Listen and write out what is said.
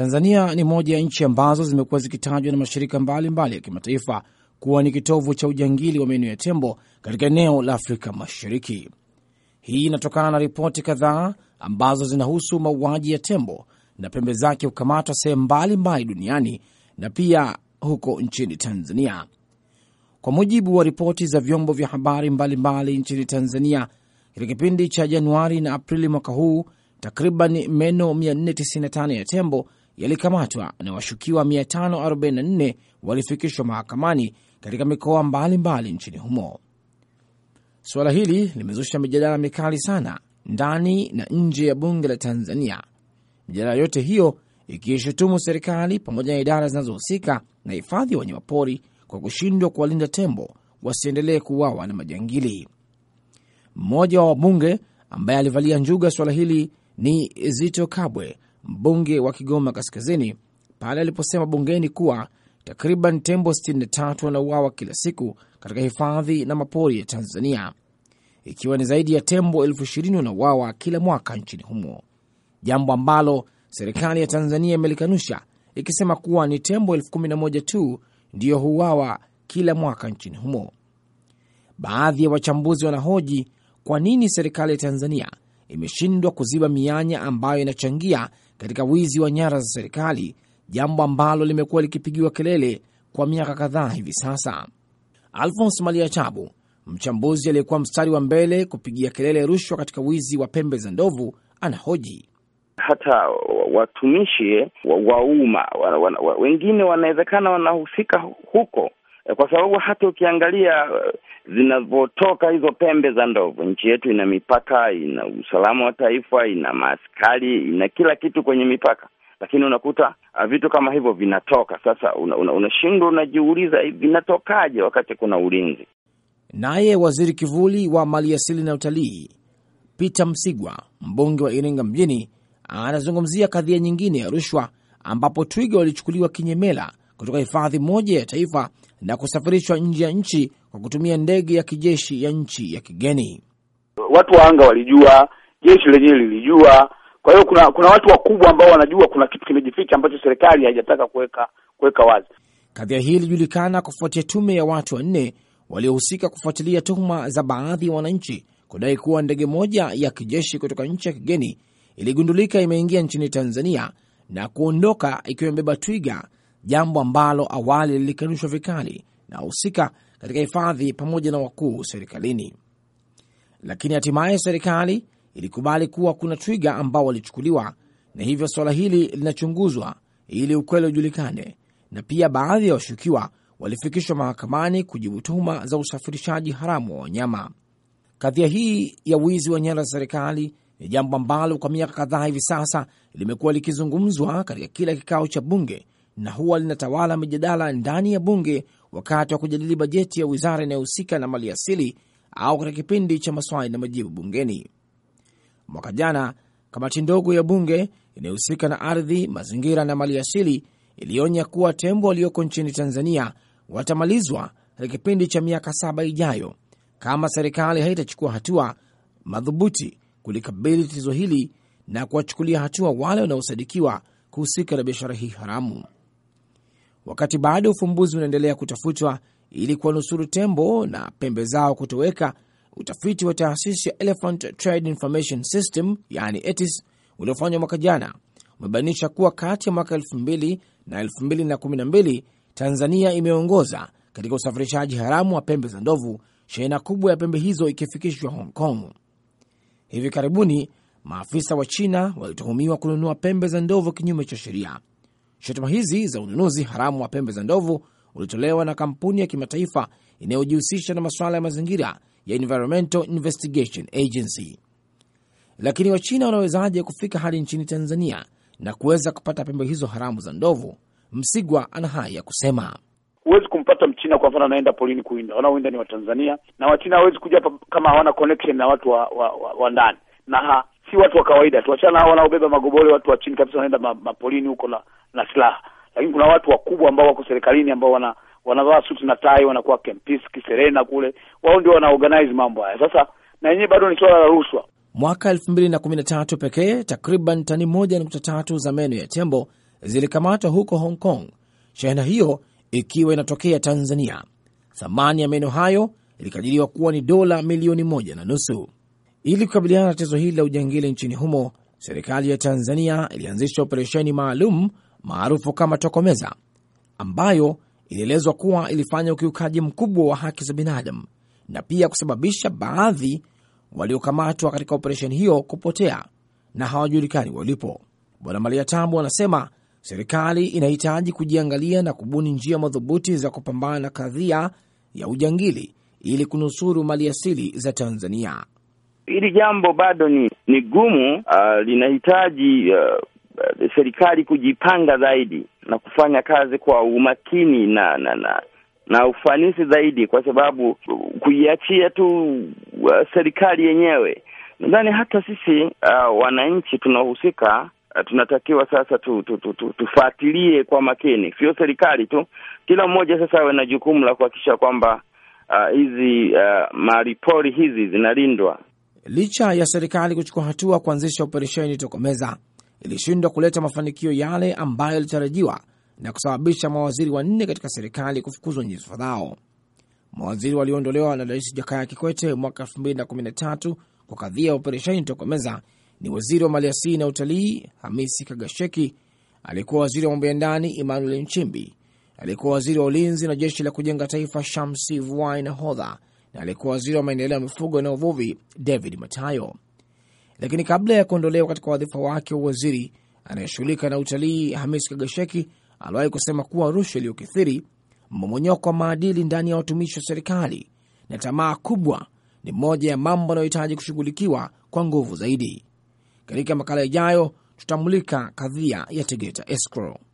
Tanzania ni moja ya nchi ambazo zimekuwa zikitajwa na mashirika mbalimbali mbali ya kimataifa kuwa ni kitovu cha ujangili wa meno ya tembo katika eneo la Afrika Mashariki. Hii inatokana na ripoti kadhaa ambazo zinahusu mauaji ya tembo na pembe zake hukamatwa sehemu mbalimbali duniani na pia huko nchini Tanzania. Kwa mujibu wa ripoti za vyombo vya habari mbalimbali nchini Tanzania, katika kipindi cha Januari na Aprili mwaka huu, takriban meno 495 ya tembo yalikamatwa na washukiwa 544 walifikishwa mahakamani katika mikoa mbalimbali mbali nchini humo. Suala hili limezusha mijadala mikali sana ndani na nje ya bunge la Tanzania, mijadala yote hiyo ikiishutumu serikali pamoja na idara zinazohusika na hifadhi ya wanyamapori kwa kushindwa kuwalinda tembo wasiendelee kuuawa na majangili. Mmoja wa wabunge ambaye alivalia njuga suala hili ni Zito Kabwe mbunge wa Kigoma Kaskazini, pale aliposema bungeni kuwa takriban tembo 63 wanauawa kila siku katika hifadhi na mapori ya Tanzania, ikiwa ni zaidi ya tembo elfu ishirini wanauawa kila mwaka nchini humo, jambo ambalo serikali ya Tanzania imelikanusha ikisema kuwa ni tembo elfu kumi na moja tu ndiyo huuawa kila mwaka nchini humo. Baadhi ya wachambuzi wanahoji kwa nini serikali ya Tanzania imeshindwa kuziba mianya ambayo inachangia katika wizi wa nyara za serikali, jambo ambalo limekuwa likipigiwa kelele kwa miaka kadhaa hivi sasa. Alphonse Malia mchambuzi aliyekuwa mstari wa mbele kupigia kelele rushwa katika wizi wa pembe za ndovu, anahoji hata watumishi wa umma wengine wanawezekana wanahusika huko, Eh, kwa sababu hata ukiangalia eh, zinavyotoka hizo pembe za ndovu, nchi yetu ina mipaka, ina usalama wa taifa, ina maaskari, ina kila kitu kwenye mipaka, lakini unakuta ah, vitu kama hivyo vinatoka. Sasa unashindwa, una, unajiuliza eh, vinatokaje wakati kuna ulinzi. Naye waziri kivuli wa maliasili na utalii Peter Msigwa, mbunge wa Iringa mjini, anazungumzia kadhia nyingine ya rushwa ambapo twiga walichukuliwa kinyemela kutoka hifadhi moja ya taifa na kusafirishwa nje ya nchi kwa kutumia ndege ya kijeshi ya nchi ya kigeni. Watu wa anga walijua, jeshi lenyewe lilijua. Kwa hiyo kuna kuna watu wakubwa ambao wanajua kuna kitu kimejificha ambacho serikali haijataka kuweka kuweka wazi. Kadhia hii ilijulikana kufuatia tume ya watu wanne waliohusika kufuatilia tuhuma za baadhi ya wananchi kudai kuwa ndege moja ya kijeshi kutoka nchi ya kigeni iligundulika imeingia nchini Tanzania na kuondoka ikiwa imebeba twiga jambo ambalo awali lilikanushwa vikali na wahusika katika hifadhi pamoja na wakuu serikalini. Lakini hatimaye serikali ilikubali kuwa kuna twiga ambao walichukuliwa, na hivyo suala hili linachunguzwa ili ukweli ujulikane, na pia baadhi ya washukiwa walifikishwa mahakamani kujibu tuhuma za usafirishaji haramu wa wanyama. Kadhia hii ya wizi wa nyara za serikali ni jambo ambalo kwa miaka kadhaa hivi sasa limekuwa likizungumzwa katika kila kikao cha bunge na huwa linatawala mijadala ndani ya bunge wakati wa kujadili bajeti ya wizara inayohusika na mali asili au katika kipindi cha maswali na majibu bungeni. Mwaka jana, kamati ndogo ya bunge inayohusika na ardhi, mazingira na mali asili ilionya kuwa tembo walioko nchini Tanzania watamalizwa katika kipindi cha miaka saba ijayo kama serikali haitachukua hatua madhubuti kulikabili tatizo hili na kuwachukulia hatua wale wanaosadikiwa kuhusika na biashara hii haramu wakati bado ufumbuzi unaendelea kutafutwa ili kuwanusuru tembo na pembe zao kutoweka. Utafiti wa taasisi ya Elephant Trade Information System yani ETIS uliofanywa mwaka jana umebainisha kuwa kati ya mwaka 2000 na 2012 Tanzania imeongoza katika usafirishaji haramu wa pembe za ndovu, shehena kubwa ya pembe hizo ikifikishwa Hong Kong. Hivi karibuni maafisa wa China walituhumiwa kununua pembe za ndovu kinyume cha sheria. Shutuma hizi za ununuzi haramu wa pembe za ndovu ulitolewa na kampuni ya kimataifa inayojihusisha na masuala ya mazingira ya Environmental Investigation Agency. Lakini Wachina wanawezaje kufika hadi nchini Tanzania na kuweza kupata pembe hizo haramu za ndovu? Msigwa ana haya ya kusema. Huwezi kumpata Mchina kwa mfano anaenda polini kuwinda, wanaoinda ni Watanzania na Wachina hawezi kuja hapa kama hawana connection na watu wa, wa, wa, wa ndani na si watu wa kawaida, tuachana hao wanaobeba magobole, watu wa chini kabisa wanaenda mapolini huko na, na silaha, lakini kuna watu wakubwa ambao wako serikalini ambao wana wanavaa suti na tai, wanakuwa Kempinski, kiserena kule, wao ndio wana organize mambo haya. Sasa na yenyewe bado ni suala la rushwa. Mwaka elfu mbili na kumi na tatu pekee takriban tani moja nukta tatu za meno ya tembo zilikamatwa huko Hong Kong, shehena hiyo ikiwa inatokea Tanzania. Thamani ya meno hayo ilikadiriwa kuwa ni dola milioni moja na nusu. Ili kukabiliana na tatizo hili la ujangili nchini humo, serikali ya Tanzania ilianzisha operesheni maalum maarufu kama Tokomeza, ambayo ilielezwa kuwa ilifanya ukiukaji mkubwa wa haki za binadamu na pia kusababisha baadhi waliokamatwa katika operesheni hiyo kupotea na hawajulikani walipo. Bwana Maria Tambo anasema serikali inahitaji kujiangalia na kubuni njia madhubuti za kupambana na kadhia ya ujangili ili kunusuru maliasili za Tanzania. Hili jambo bado ni ni gumu, uh, linahitaji uh, serikali kujipanga zaidi na kufanya kazi kwa umakini na na na na ufanisi zaidi, kwa sababu kuiachia tu uh, serikali yenyewe, nadhani hata sisi uh, wananchi tunahusika uh, tunatakiwa sasa tu, tu, tu, tu, tufuatilie kwa makini, sio serikali tu. Kila mmoja sasa awe na jukumu la kuhakikisha kwamba uh, hizi uh, maripori hizi zinalindwa licha ya serikali kuchukua hatua kuanzisha operesheni tokomeza, ilishindwa kuleta mafanikio yale ambayo yalitarajiwa na kusababisha mawaziri wanne katika serikali kufukuzwa nyadhifa zao. Mawaziri walioondolewa na Rais Jakaya Kikwete mwaka 2013 kwa kadhia ya operesheni tokomeza ni waziri wa maliasili na utalii Hamisi Kagasheki, aliyekuwa waziri wa mambo ya ndani Emmanuel Nchimbi, aliyekuwa waziri wa ulinzi na jeshi la kujenga taifa Shamsi Vuai hodha na aliyekuwa waziri wa maendeleo ya mifugo na uvuvi David Matayo. Lakini kabla ya kuondolewa katika wadhifa wake wa waziri anayeshughulika na utalii, Hamis Kagasheki aliwahi kusema kuwa rushwa iliyokithiri, mmomonyoko wa maadili ndani ya watumishi wa serikali na tamaa kubwa ni moja ya mambo yanayohitaji kushughulikiwa kwa nguvu zaidi. Katika makala ijayo tutamulika kadhia ya Tegeta Escrow.